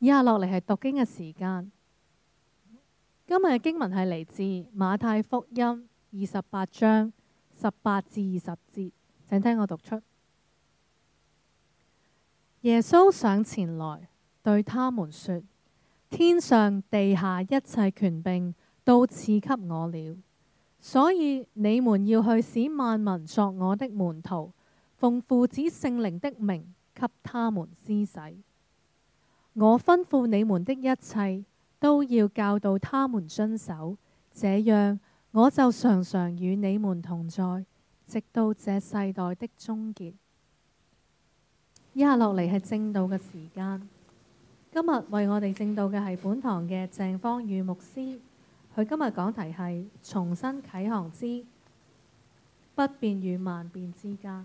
以下落嚟係讀經嘅時間。今日嘅經文係嚟自馬太福音二十八章十八至二十節，請聽我讀出。耶穌上前來對他們說：天上地下一切權柄都賜給我了，所以你們要去使萬民作我的門徒，奉父子聖靈的名給他們施洗。我吩咐你們的一切，都要教導他們遵守，這樣我就常常與你們同在，直到這世代的終結。以下落嚟係證道嘅時間。今日為我哋證道嘅係本堂嘅鄭芳與牧師，佢今日講題係《重新啟航之不變與萬變之間》。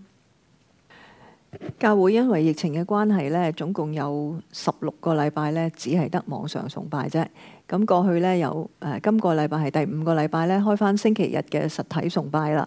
教會因為疫情嘅關係咧，總共有十六個禮拜咧，只係得網上崇拜啫。咁過去咧有誒、呃，今個禮拜係第五個禮拜咧，開翻星期日嘅實體崇拜啦。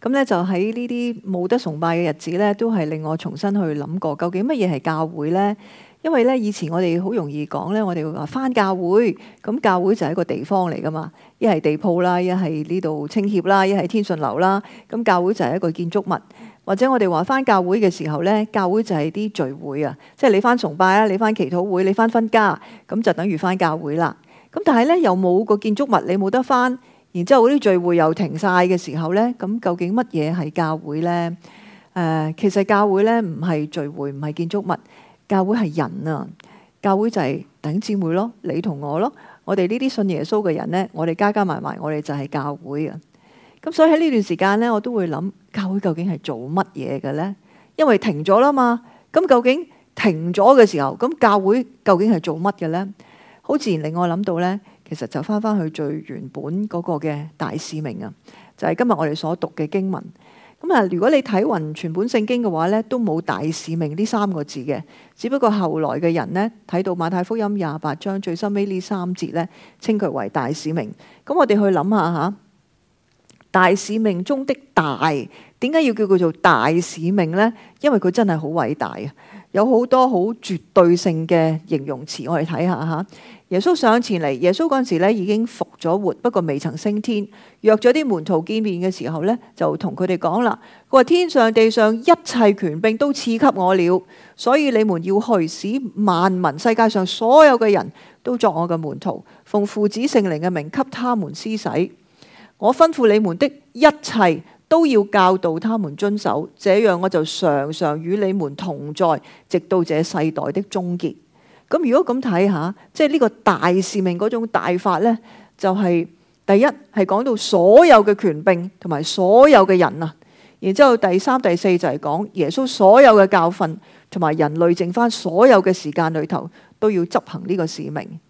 咁、嗯、咧就喺呢啲冇得崇拜嘅日子咧，都係令我重新去諗過究竟乜嘢係教會呢？因為咧，以前我哋好容易講咧，我哋會話返教會，咁教會就係一個地方嚟㗎嘛，一係地鋪啦，一係呢度清協啦，一係天順樓啦，咁教會就係一個建築物。或者我哋話返教會嘅時候咧，教會就係啲聚會啊，即係你返崇拜啊，你返祈禱會，你返分家，咁就等於返教會啦。咁但係咧，又冇個建築物，你冇得返，然之後啲聚會又停晒嘅時候咧，咁究竟乜嘢係教會咧？誒、呃，其實教會咧唔係聚會，唔係建築物。教會係人啊，教會就係弟兄姊妹咯，你同我咯，我哋呢啲信耶穌嘅人呢，我哋加加埋埋，我哋就係教會啊。咁所以喺呢段時間呢，我都會諗教會究竟係做乜嘢嘅呢？因為停咗啦嘛，咁究竟停咗嘅時候，咁教會究竟係做乜嘅呢？好自然令我諗到呢，其實就翻翻去最原本嗰個嘅大使命啊，就係今日我哋所讀嘅經文。咁啊，如果你睇勻全本聖經嘅話呢都冇大使命呢三個字嘅，只不過後來嘅人呢睇到馬太福音廿八章最收尾呢三節呢稱佢為大使命。咁我哋去諗下吓，大使命中的大，點解要叫佢做大使命呢？因為佢真係好偉大啊！有好多好絕對性嘅形容詞，我哋睇下吓。耶穌上前嚟，耶穌嗰陣時咧已經復咗活，不過未曾升天。約咗啲門徒見面嘅時候咧，就同佢哋講啦：佢話天上地上一切權柄都賜給我了，所以你們要去使萬民世界上所有嘅人都作我嘅門徒，奉父子聖靈嘅名給他們施洗。我吩咐你們的一切。都要教導他們遵守，這樣我就常常與你們同在，直到這世代的終結。咁如果咁睇下，即係呢個大使命嗰種大法呢，就係第一係講到所有嘅權柄同埋所有嘅人啊，然之後第三第四就係講耶穌所有嘅教訓同埋人類剩返所有嘅時間裏頭都要執行呢個使命。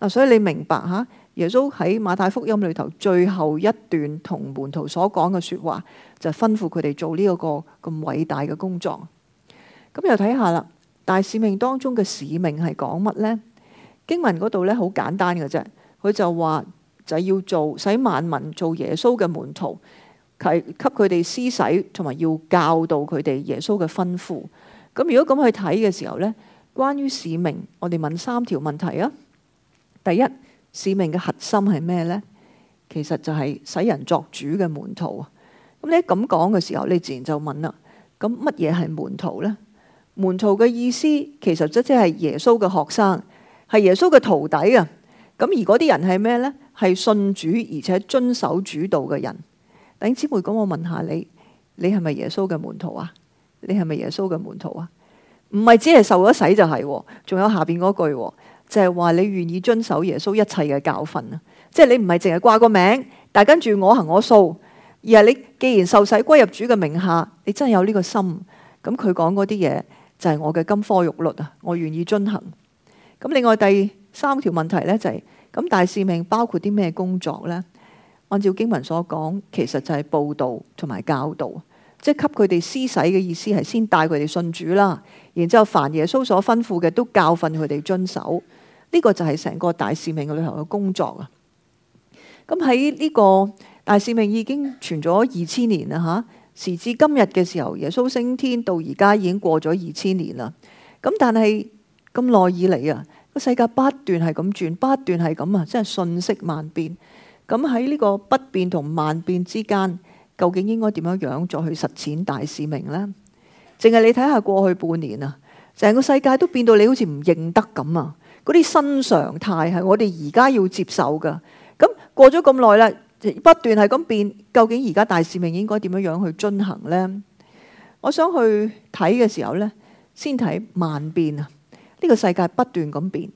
嗱，所以你明白吓？耶穌喺馬太福音裏頭最後一段同門徒所講嘅說話，就吩咐佢哋做呢一個咁偉大嘅工作。咁又睇下啦，大使命當中嘅使命係講乜呢？經文嗰度呢，好簡單嘅啫，佢就話就要做使萬民做耶穌嘅門徒，係給佢哋施洗，同埋要教導佢哋耶穌嘅吩咐。咁如果咁去睇嘅時候呢，關於使命，我哋問三條問題啊。第一，使命嘅核心係咩呢？其實就係使人作主嘅門徒。咁你一咁講嘅時候，你自然就問啦：咁乜嘢係門徒呢？門徒嘅意思其實即即係耶穌嘅學生，係耶穌嘅徒弟啊。咁而嗰啲人係咩呢？係信主而且遵守主道嘅人。弟兄姊妹，咁我問下你：你係咪耶穌嘅門徒啊？你係咪耶穌嘅門徒啊？唔係只係受咗洗就係喎，仲有下邊嗰句。就係話你願意遵守耶穌一切嘅教訓啊，即係你唔係淨係掛個名，但跟住我行我素，而係你既然受洗歸入主嘅名下，你真係有呢個心，咁佢講嗰啲嘢就係我嘅金科玉律啊，我願意遵行。咁另外第三條問題呢，就係，就係咁大使命包括啲咩工作呢？按照經文所講，其實就係報道同埋教導。即係給佢哋施洗嘅意思，係先帶佢哋信主啦，然之後凡耶穌所吩咐嘅，都教訓佢哋遵守。呢、這個就係成個大使命嘅旅行嘅工作啊！咁喺呢個大使命已經傳咗二千年啦，吓、啊、時至今日嘅時候，耶穌升天到而家已經過咗二千年啦。咁但係咁耐以嚟啊，個世界不斷係咁轉，不斷係咁啊，真係瞬息萬變。咁喺呢個不變同萬變之間。究竟應該點樣樣再去實踐大使命呢？淨係你睇下過去半年啊，成個世界都變到你好似唔認得咁啊！嗰啲新常態係我哋而家要接受噶。咁過咗咁耐咧，不斷係咁變。究竟而家大使命應該點樣樣去進行呢？我想去睇嘅時候呢，先睇萬變啊！呢個世界不斷咁變，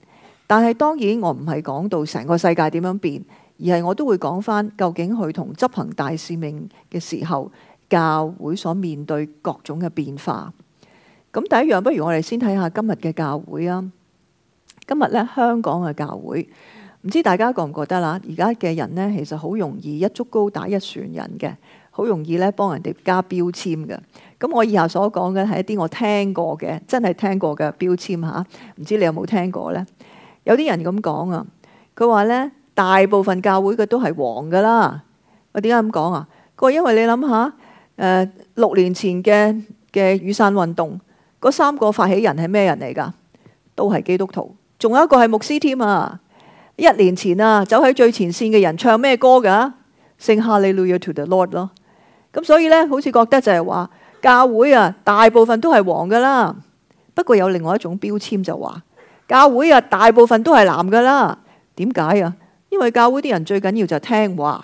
但係當然我唔係講到成個世界點樣變。而係我都會講返，究竟佢同執行大使命嘅時候，教會所面對各種嘅變化。咁第一樣，不如我哋先睇下今日嘅教會啊。今日呢，香港嘅教會，唔知大家覺唔覺得啦？而家嘅人呢，其實好容易一竹篙打一船人嘅，好容易呢幫人哋加標籤嘅。咁我以下所講嘅係一啲我聽過嘅，真係聽過嘅標籤嚇。唔知你有冇聽過呢？有啲人咁講啊，佢話呢。大部分教會嘅都係黃㗎啦。我點解咁講啊？嗰因為你諗下，誒、呃、六年前嘅嘅雨傘運動，嗰三個發起人係咩人嚟㗎？都係基督徒，仲有一個係牧師添啊。一年前啊，走喺最前線嘅人唱咩歌㗎？Sing Hallelujah to the Lord 咯。咁所以呢，好似覺得就係話教會啊，大部分都係黃㗎啦。不過有另外一種標籤就話教會啊，大部分都係藍㗎啦。點解啊？因為教會啲人最緊要就係聽話，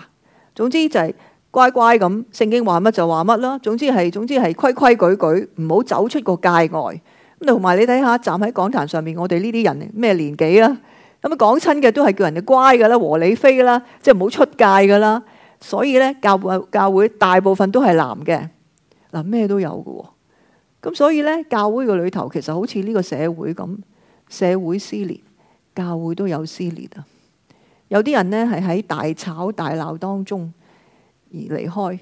總之就係乖乖咁。聖經話乜就話乜啦。總之係總之係規規矩矩，唔好走出個界外。咁同埋你睇下，站喺講壇上面，我哋呢啲人咩年紀啦、啊？咁講親嘅都係叫人哋乖噶啦，和理非噶啦，即係唔好出界噶啦。所以咧，教會教會大部分都係男嘅嗱，咩都有噶喎。咁所以咧，教會嘅裏頭其實好似呢個社會咁，社會撕裂，教會都有撕裂啊。有啲人呢係喺大吵大鬧當中而離開，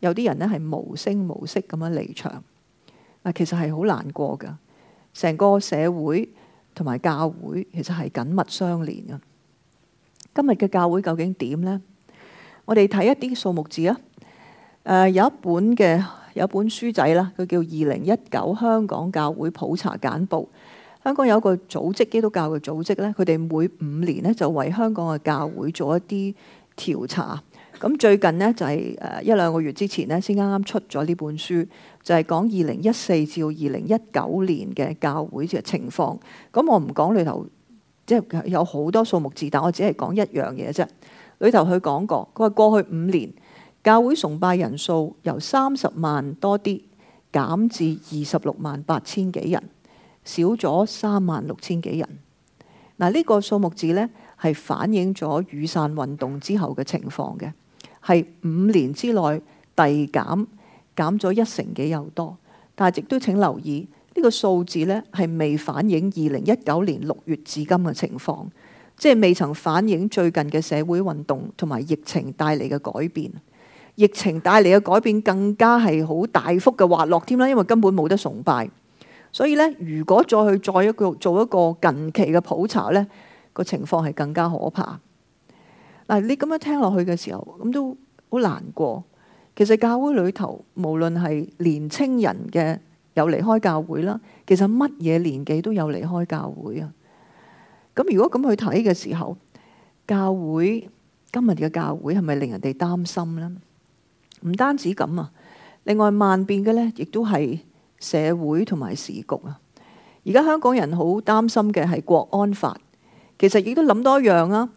有啲人呢係無聲無息咁樣離場。啊，其實係好難過㗎，成個社會同埋教會其實係緊密相連嘅。今日嘅教會究竟點呢？我哋睇一啲數目字啊。誒、呃，有一本嘅有一本書仔啦，佢叫《二零一九香港教會普查簡報》。香港有個組織，基督教嘅組織咧，佢哋每五年呢就為香港嘅教會做一啲調查。咁最近呢，就係誒一兩個月之前呢，先啱啱出咗呢本書，就係講二零一四至二零一九年嘅教會嘅情況。咁我唔講裏頭，即係有好多數目字，但我只係講一樣嘢啫。裏頭佢講過，佢話過去五年教會崇拜人數由三十萬多啲減至二十六萬八千幾人。少咗三萬六千幾人，嗱，呢個數目字呢係反映咗雨傘運動之後嘅情況嘅，係五年之內遞減，減咗一成幾又多，但係亦都請留意呢個數字呢係未反映二零一九年六月至今嘅情況，即係未曾反映最近嘅社會運動同埋疫情帶嚟嘅改變，疫情帶嚟嘅改變更加係好大幅嘅滑落添啦，因為根本冇得崇拜。所以咧，如果再去再一個做一個近期嘅普查咧，個情況係更加可怕。嗱，你咁樣聽落去嘅時候，咁都好難過。其實教會裏頭，無論係年輕人嘅有離開教會啦，其實乜嘢年紀都有離開教會啊。咁如果咁去睇嘅時候，教會今日嘅教會係咪令人哋擔心呢？唔單止咁啊，另外萬變嘅咧，亦都係。社會同埋時局啊！而家香港人好擔心嘅係國安法，其實亦都諗多樣啊。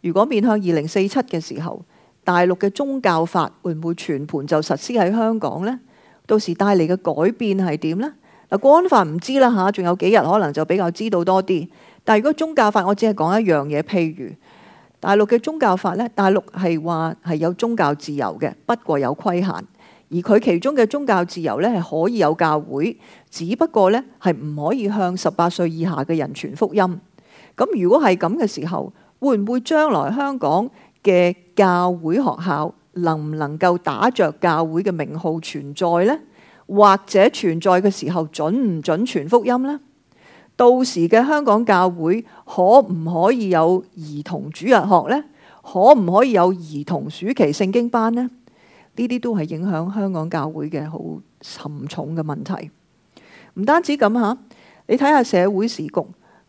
如果面向二零四七嘅時候，大陸嘅宗教法會唔會全盤就實施喺香港呢？到時帶嚟嘅改變係點呢？嗱，國安法唔知啦嚇，仲有幾日可能就比較知道多啲。但係如果宗教法，我只係講一樣嘢，譬如大陸嘅宗教法呢，大陸係話係有宗教自由嘅，不過有規限。而佢其中嘅宗教自由呢，係可以有教會，只不過呢係唔可以向十八歲以下嘅人傳福音。咁如果係咁嘅時候，會唔會將來香港嘅教會學校能唔能夠打着教會嘅名號存在呢？或者存在嘅時候準唔準傳福音呢？到時嘅香港教會可唔可以有兒童主日學呢？可唔可以有兒童暑期聖經班呢？呢啲都係影響香港教會嘅好沉重嘅問題。唔單止咁嚇，你睇下社會時局，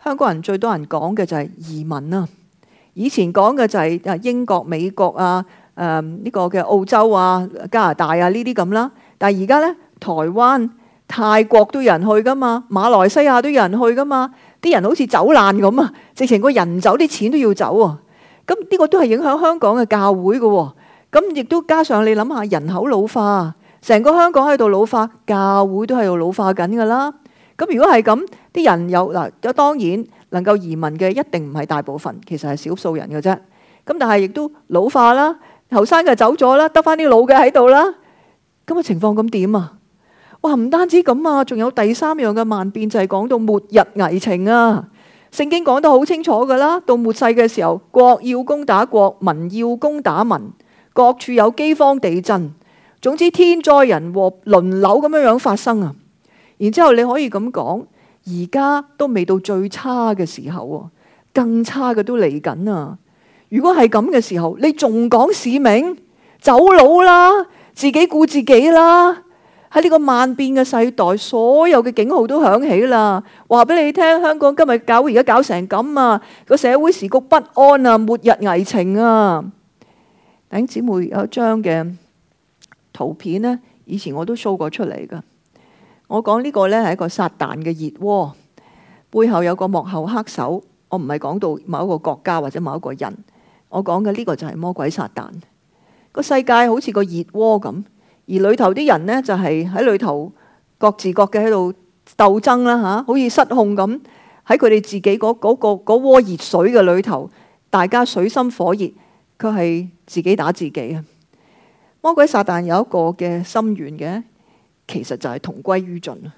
香港人最多人講嘅就係移民啦。以前講嘅就係英國、美國啊，誒、嗯、呢、這個嘅澳洲啊、加拿大啊呢啲咁啦。但係而家呢，台灣、泰國都有人去㗎嘛，馬來西亞都有人去㗎嘛。啲人好似走難咁啊，直情個人走，啲錢都要走啊。咁、這、呢個都係影響香港嘅教會嘅喎。咁亦都加上，你諗下人口老化，成個香港喺度老化，教會都喺度老化緊噶啦。咁如果係咁，啲人有嗱，咁當然能夠移民嘅一定唔係大部分，其實係少數人嘅啫。咁但係亦都老化啦，後生嘅走咗啦，得翻啲老嘅喺度啦。咁嘅情況咁點啊？哇！唔單止咁啊，仲有第三樣嘅萬變就係講到末日危情啊。聖經講得好清楚噶啦，到末世嘅時候，國要攻打國，民要攻打民。各處有饑荒、地震，總之天災人禍輪流咁樣樣發生啊！然之後你可以咁講，而家都未到最差嘅時候啊，更差嘅都嚟緊啊！如果係咁嘅時候，你仲講使命，走佬啦，自己顧自己啦！喺呢個萬變嘅世代，所有嘅警號都響起啦！話俾你聽，香港今日搞，而家搞成咁啊，個社會時局不安啊，末日危情啊！頂姊妹有一張嘅圖片呢，以前我都 show 過出嚟噶。我講呢個呢係一個撒旦嘅熱鍋，背後有個幕後黑手。我唔係講到某一個國家或者某一個人，我講嘅呢個就係魔鬼撒旦。個世界好似個熱鍋咁，而裏頭啲人呢就係喺裏頭各自各嘅喺度鬥爭啦吓，好似失控咁喺佢哋自己嗰嗰個嗰鍋熱水嘅裏頭，大家水深火熱。佢係自己打自己啊！魔鬼撒旦有一個嘅心願嘅，其實就係同歸於盡啊！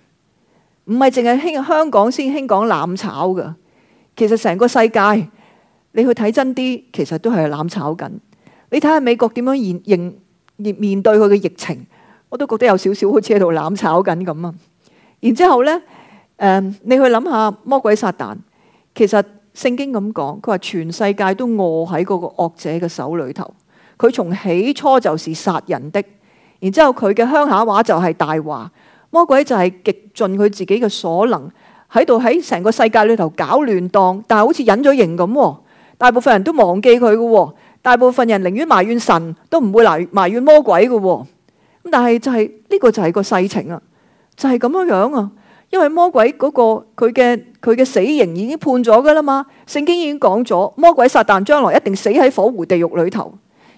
唔係淨係興香港先興講攬炒㗎，其實成個世界你去睇真啲，其實都係攬炒緊。你睇下美國點樣應應面面對佢嘅疫情，我都覺得有少少好似喺度攬炒緊咁啊！然之後呢，誒，你去諗下魔鬼撒旦，其實。聖經咁講，佢話全世界都餓喺嗰個惡者嘅手裏頭。佢從起初就是殺人的，然之後佢嘅鄉下話就係大話，魔鬼就係極盡佢自己嘅所能，喺度喺成個世界裏頭搞亂當，但係好似隱咗形咁。大部分人都忘記佢嘅，大部分人寧願埋怨神，都唔會埋埋怨魔鬼嘅。咁但係就係呢個就係個世情啊，就係咁樣樣啊。因為魔鬼嗰個佢嘅佢嘅死刑已經判咗噶啦嘛，聖經已經講咗魔鬼撒旦將來一定死喺火湖地獄裏頭，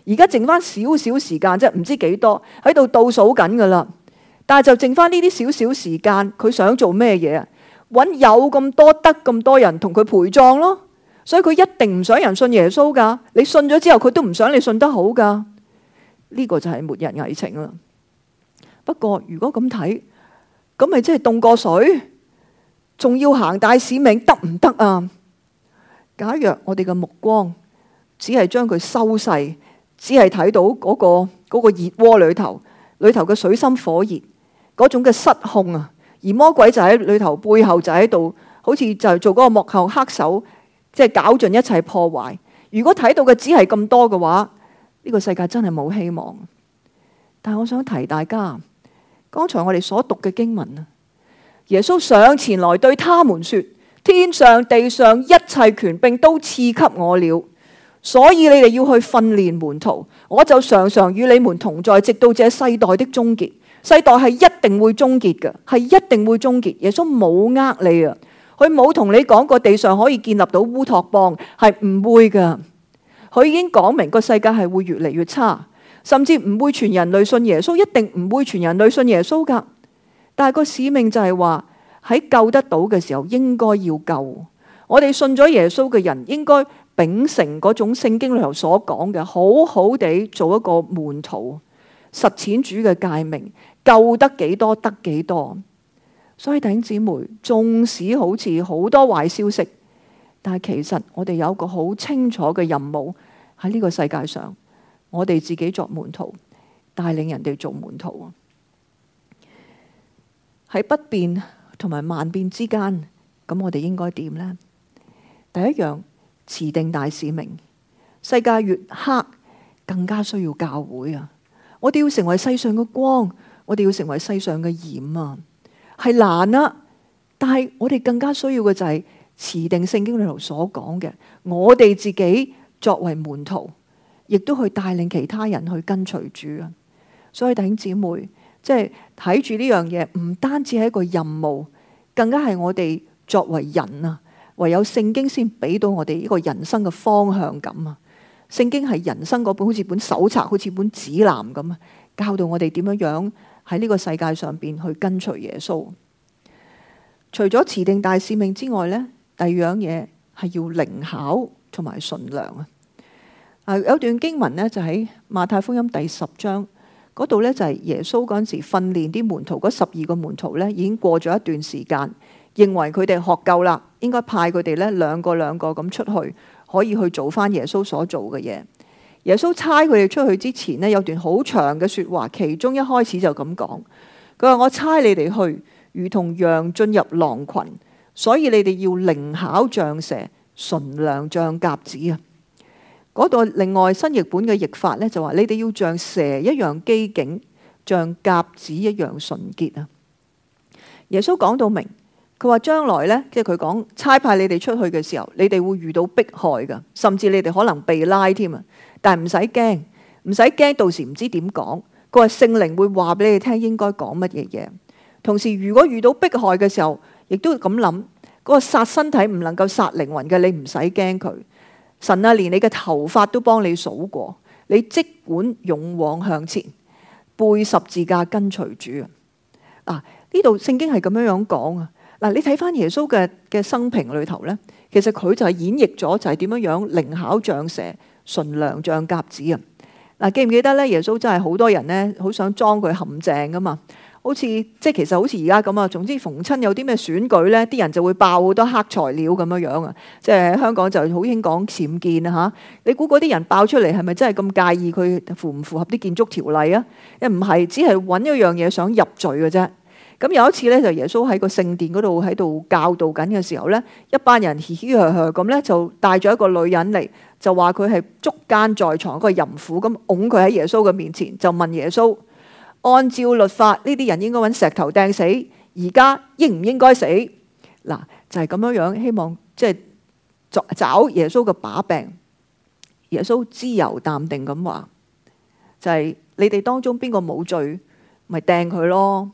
而家剩翻少少時間即係，唔知幾多喺度倒數緊噶啦，但係就剩翻呢啲少少時間，佢想做咩嘢啊？搵有咁多得咁多人同佢陪葬咯，所以佢一定唔想人信耶穌噶，你信咗之後佢都唔想你信得好噶，呢個就係末日危情啦。不過如果咁睇。咁咪即係凍過水，仲要行大使命得唔得啊？假若我哋嘅目光只係將佢收細，只係睇到嗰個嗰個熱鍋裏頭，裏頭嘅水深火熱嗰種嘅失控啊，而魔鬼就喺裏頭背後就喺度，好似就做嗰個幕後黑手，即係搞盡一切破壞。如果睇到嘅只係咁多嘅話，呢個世界真係冇希望。但係我想提大家。剛才我哋所讀嘅經文啊，耶穌上前來對他們說：天上地上一切權柄都賜給我了，所以你哋要去訓練門徒，我就常常與你們同在，直到這世代的終結。世代係一定會終結嘅，係一定會終結。耶穌冇呃你啊，佢冇同你講過地上可以建立到烏托邦，係唔會噶。佢已經講明個世界係會越嚟越差。甚至唔會全人類信耶穌，一定唔會全人類信耶穌噶。但係個使命就係話喺救得到嘅時候，應該要救。我哋信咗耶穌嘅人，應該秉承嗰種聖經裏頭所講嘅，好好地做一個門徒，實踐主嘅誡命，救得幾多得幾多。所以弟兄姊妹，縱使好似好多壞消息，但係其實我哋有個好清楚嘅任務喺呢個世界上。我哋自己作門徒，帶領人哋做門徒啊！喺不變同埋萬變之間，咁我哋應該點呢？第一樣持定大使命，世界越黑，更加需要教會啊！我哋要成為世上嘅光，我哋要成為世上嘅鹽啊！係難啊，但係我哋更加需要嘅就係持定聖經裏頭所講嘅，我哋自己作為門徒。亦都去帶領其他人去跟隨主啊！所以弟兄姊妹，即係睇住呢樣嘢，唔單止係一個任務，更加係我哋作為人啊，唯有聖經先俾到我哋呢個人生嘅方向感啊！聖經係人生嗰本好似本手冊，好似本，本指南咁啊，教導我哋點樣樣喺呢個世界上邊去跟隨耶穌。除咗持定大使命之外呢，第二樣嘢係要靈巧同埋順良啊！有段經文呢，就喺《馬太福音》第十章嗰度呢，就係、是、耶穌嗰陣時訓練啲門徒，嗰十二個門徒呢，已經過咗一段時間，認為佢哋學夠啦，應該派佢哋呢兩個兩個咁出去，可以去做翻耶穌所做嘅嘢。耶穌差佢哋出去之前呢，有段好長嘅說話，其中一開始就咁講：佢話我差你哋去，如同羊進入狼群，所以你哋要靈巧像蛇，純良像鴿子啊！嗰度另外新譯本嘅譯法呢，就話：你哋要像蛇一樣機警，像鴿子一樣純潔啊！耶穌講到明，佢話將來呢，即係佢講差派你哋出去嘅時候，你哋會遇到迫害噶，甚至你哋可能被拉添啊！但係唔使驚，唔使驚，到時唔知點講。佢話聖靈會話俾你聽應該講乜嘢嘢。同時，如果遇到迫害嘅時候，亦都咁諗，嗰、那個殺身體唔能夠殺靈魂嘅，你唔使驚佢。神啊，連你嘅頭髮都幫你數過，你即管勇往向前，背十字架跟隨主啊！呢度聖經係咁樣樣講啊！嗱，你睇翻耶穌嘅嘅生平裏頭呢，其實佢就係演繹咗就係點樣樣靈巧像蛇，純良像鴿子啊！嗱，記唔記得呢？耶穌真係好多人呢，好想裝佢陷阱噶嘛？好似即係其實好似而家咁啊，總之逢親有啲咩選舉咧，啲人就會爆好多黑材料咁樣樣啊！即係香港就好興講僭建啊嚇，你估嗰啲人爆出嚟係咪真係咁介意佢符唔符合啲建築條例啊？因為一唔係只係揾一樣嘢想入罪嘅啫。咁有一次咧，就耶穌喺個聖殿嗰度喺度教導緊嘅時候咧，一班人嘻嘻呵呵咁咧就帶咗一個女人嚟，就話佢係捉奸在床個淫婦咁，擁佢喺耶穌嘅面前就問耶穌。按照律法呢，啲人應該揾石頭掟死，而家應唔應該死？嗱，就係咁樣樣，希望即係、就是、找耶穌嘅把柄。耶穌自由淡定咁話，就係、是、你哋當中邊個冇罪，咪掟佢咯。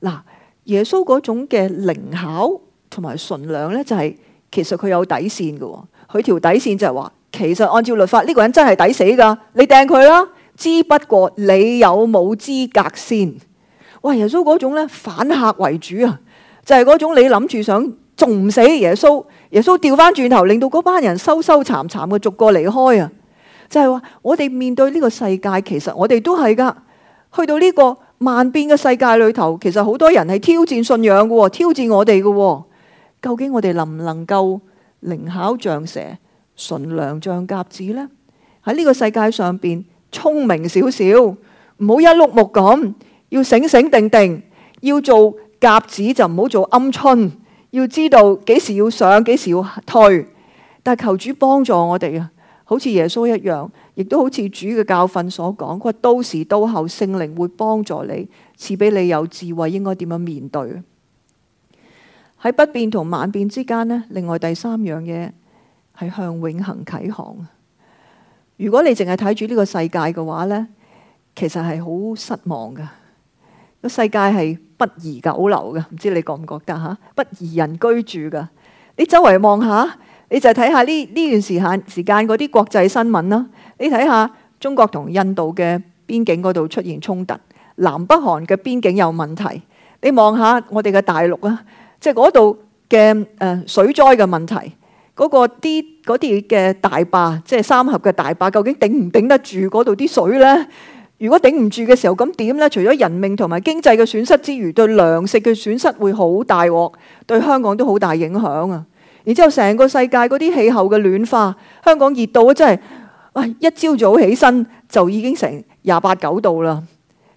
嗱，耶穌嗰種嘅靈巧同埋純良呢、就是，就係其實佢有底線嘅。佢條底線就係話，其實按照律法呢、呢個人真係抵死噶，你掟佢啦。之不過你有冇資格先？喂，耶穌嗰種咧，反客為主啊，就係、是、嗰種你諗住想仲唔死耶穌，耶穌掉翻轉頭，令到嗰班人收收慘慘嘅逐個離開啊！就係、是、話，我哋面對呢個世界，其實我哋都係噶。去到呢個萬變嘅世界裏頭，其實好多人係挑戰信仰嘅，挑戰我哋嘅。究竟我哋能唔能夠靈巧像蛇，純良像鴿子呢？喺呢個世界上邊？聰明少少，唔好一碌木咁，要醒醒定定，要做甲子就唔好做鵪鶉，要知道幾時要上，幾時要退。但求主幫助我哋啊，好似耶穌一樣，亦都好似主嘅教訓所講，佢話到時到候聖靈會幫助你，賜俾你有智慧，應該點樣面對。喺不變同萬變之間呢，另外第三樣嘢係向永恆啟航。如果你淨係睇住呢個世界嘅話呢，其實係好失望嘅。這個世界係不宜久留嘅，唔知你覺唔覺得嚇、啊？不宜人居住嘅。你周圍望下，你就睇下呢呢段時間時間嗰啲國際新聞啦。你睇下中國同印度嘅邊境嗰度出現衝突，南北韓嘅邊境有問題。你望下我哋嘅大陸啊，即係嗰度嘅誒水災嘅問題。嗰個啲啲嘅大壩，即係三峽嘅大壩，究竟頂唔頂得住嗰度啲水呢？如果頂唔住嘅時候，咁點呢？除咗人命同埋經濟嘅損失之餘，對糧食嘅損失會好大鑊，對香港都好大影響啊！然之後，成個世界嗰啲氣候嘅暖化，香港熱到真係，喂！一朝早起身就已經成廿八九度啦。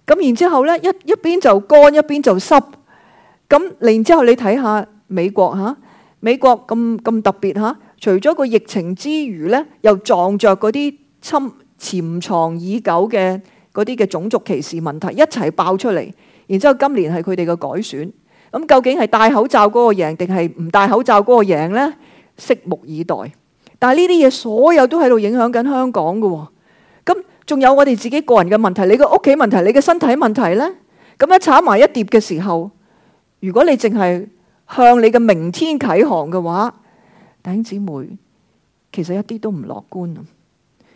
咁然之後呢，一一邊就乾，一邊就濕。咁然之後，你睇下美國嚇。美國咁咁特別嚇，除咗個疫情之餘咧，又撞着嗰啲侵潛藏已久嘅嗰啲嘅種族歧視問題一齊爆出嚟，然之後今年係佢哋嘅改選，咁究竟係戴口罩嗰個贏定係唔戴口罩嗰個贏呢？拭目以待。但係呢啲嘢所有都喺度影響緊香港嘅喎，咁仲有我哋自己個人嘅問題，你個屋企問題，你嘅身體問題呢？咁一炒埋一碟嘅時候，如果你淨係。向你嘅明天啟航嘅話，弟兄姊妹，其實一啲都唔樂觀。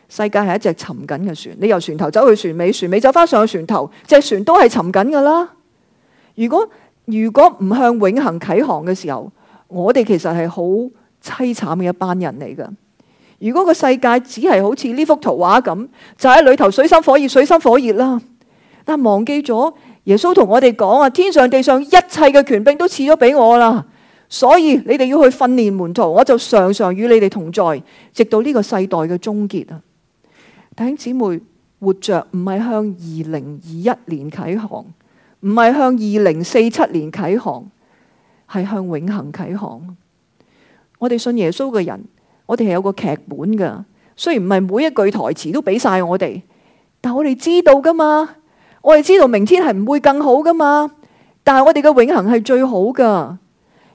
世界係一隻沉緊嘅船，你由船頭走去船尾，船尾走翻上去船頭，隻船都係沉緊㗎啦。如果如果唔向永恆啟航嘅時候，我哋其實係好凄慘嘅一班人嚟㗎。如果個世界只係好似呢幅圖畫咁，就喺裏頭水深火熱，水深火熱啦。但忘記咗。耶穌同我哋講啊，天上地上一切嘅權柄都賜咗俾我啦，所以你哋要去訓練門徒，我就常常與你哋同在，直到呢個世代嘅終結啊！弟兄姊妹，活着唔係向二零二一年啟航，唔係向二零四七年啟航，係向永恆啟航。我哋信耶穌嘅人，我哋係有個劇本噶，雖然唔係每一句台詞都俾晒我哋，但我哋知道噶嘛。我哋知道明天係唔會更好噶嘛，但係我哋嘅永恒係最好噶。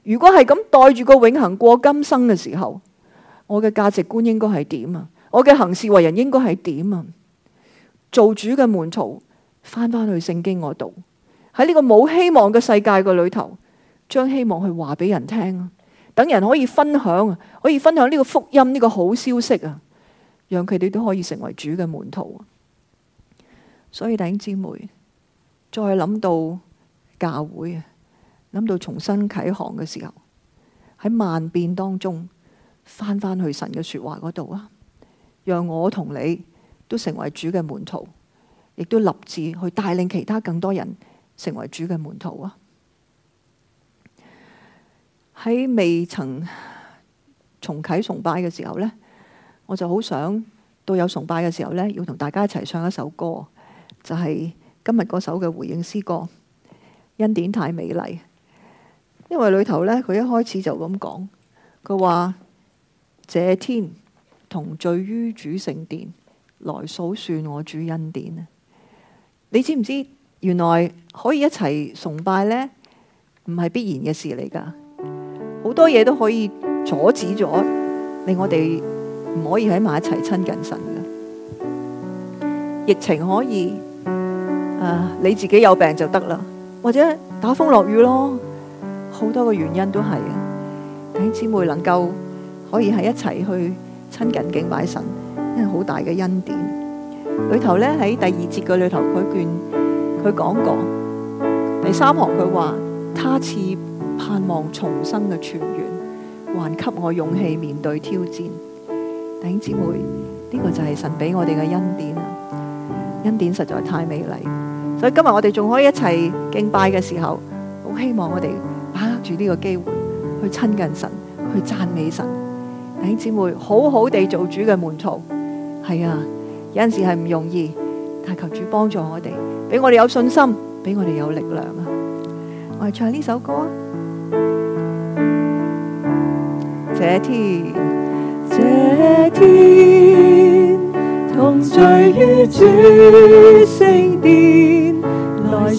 如果係咁帶住個永恒過今生嘅時候，我嘅價值觀應該係點啊？我嘅行事為人應該係點啊？做主嘅門徒，翻翻去聖經嗰度，喺呢個冇希望嘅世界個裏頭，將希望去話俾人聽啊！等人可以分享，可以分享呢個福音，呢個好消息啊，讓佢哋都可以成為主嘅門徒啊！所以弟兄姊妹，再諗到教會啊，諗到重新啟航嘅時候，喺萬變當中翻返去神嘅說話嗰度啊，讓我同你都成為主嘅門徒，亦都立志去帶領其他更多人成為主嘅門徒啊！喺未曾重啟崇拜嘅時候呢，我就好想到有崇拜嘅時候呢，要同大家一齊唱一首歌。就係今日嗰首嘅回應詩歌，《恩典太美麗》。因為裏頭呢，佢一開始就咁講，佢話：這天同聚於主聖殿，來數算我主恩典。你知唔知原來可以一齊崇拜呢？唔係必然嘅事嚟㗎。好多嘢都可以阻止咗，令我哋唔可以喺埋一齊親近神嘅。疫情可以。誒、啊，你自己有病就得啦，或者打風落雨咯，好多嘅原因都係啊。弟兄姊妹能夠可以喺一齊去親近敬拜神，因為好大嘅恩典。裏頭咧，喺第二節嘅裏頭嗰卷佢講過，第三行佢話：他賜盼望重生嘅泉源，還給我勇氣面對挑戰。弟兄姊妹，呢、這個就係神俾我哋嘅恩典啊！恩典實在太美麗。所以今日我哋仲可以一齊敬拜嘅時候，好希望我哋把握住呢個機會去親近神，去讚美神。弟兄姊妹，好好地做主嘅門徒。係啊，有陣時係唔容易，但係求主幫助我哋，俾我哋有信心，俾我哋有力量啊！我哋唱呢首歌啊！這天，這天，同聚於主聖殿。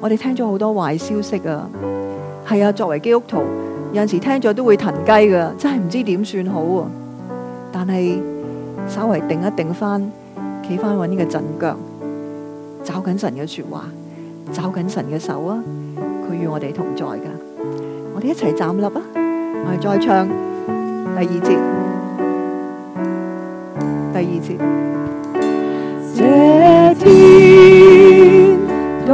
我哋聽咗好多壞消息啊，係啊，作為基督徒有陣時聽咗都會騰雞噶，真係唔知點算好啊！但係稍微定一定翻，企翻揾呢個陣腳，找緊神嘅説話，找緊神嘅手啊！佢與我哋同在噶，我哋一齊站立啊！我哋再唱第二節，第二節。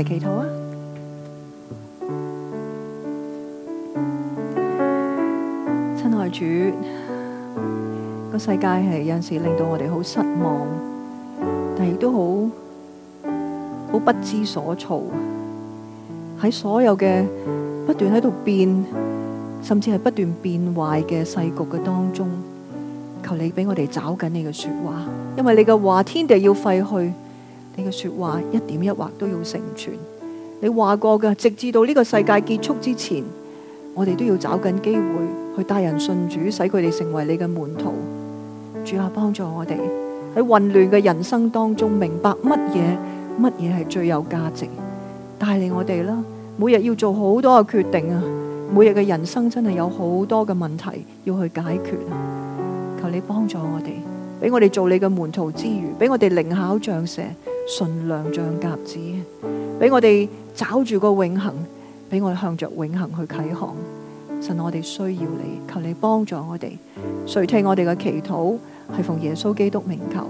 嚟祈禱啊！親愛主，個世界係有陣時令到我哋好失望，但亦都好好不知所措。喺所有嘅不斷喺度變，甚至係不斷變壞嘅世局嘅當中，求你俾我哋找緊你嘅說話，因為你嘅話，天地要廢去。你嘅說話一點一畫都要成全。你話過嘅，直至到呢個世界結束之前，我哋都要找緊機會去帶人信主，使佢哋成為你嘅門徒。主啊，幫助我哋喺混亂嘅人生當中，明白乜嘢乜嘢係最有價值，帶嚟我哋啦。每日要做好多嘅決定啊，每日嘅人生真係有好多嘅問題要去解決啊。求你幫助我哋，俾我哋做你嘅門徒之餘，俾我哋靈巧像蛇。信良像鴿子，俾我哋找住個永恆，俾我哋向着永恆去啟航。神，我哋需要你，求你幫助我哋，垂聽我哋嘅祈禱，係奉耶穌基督名求。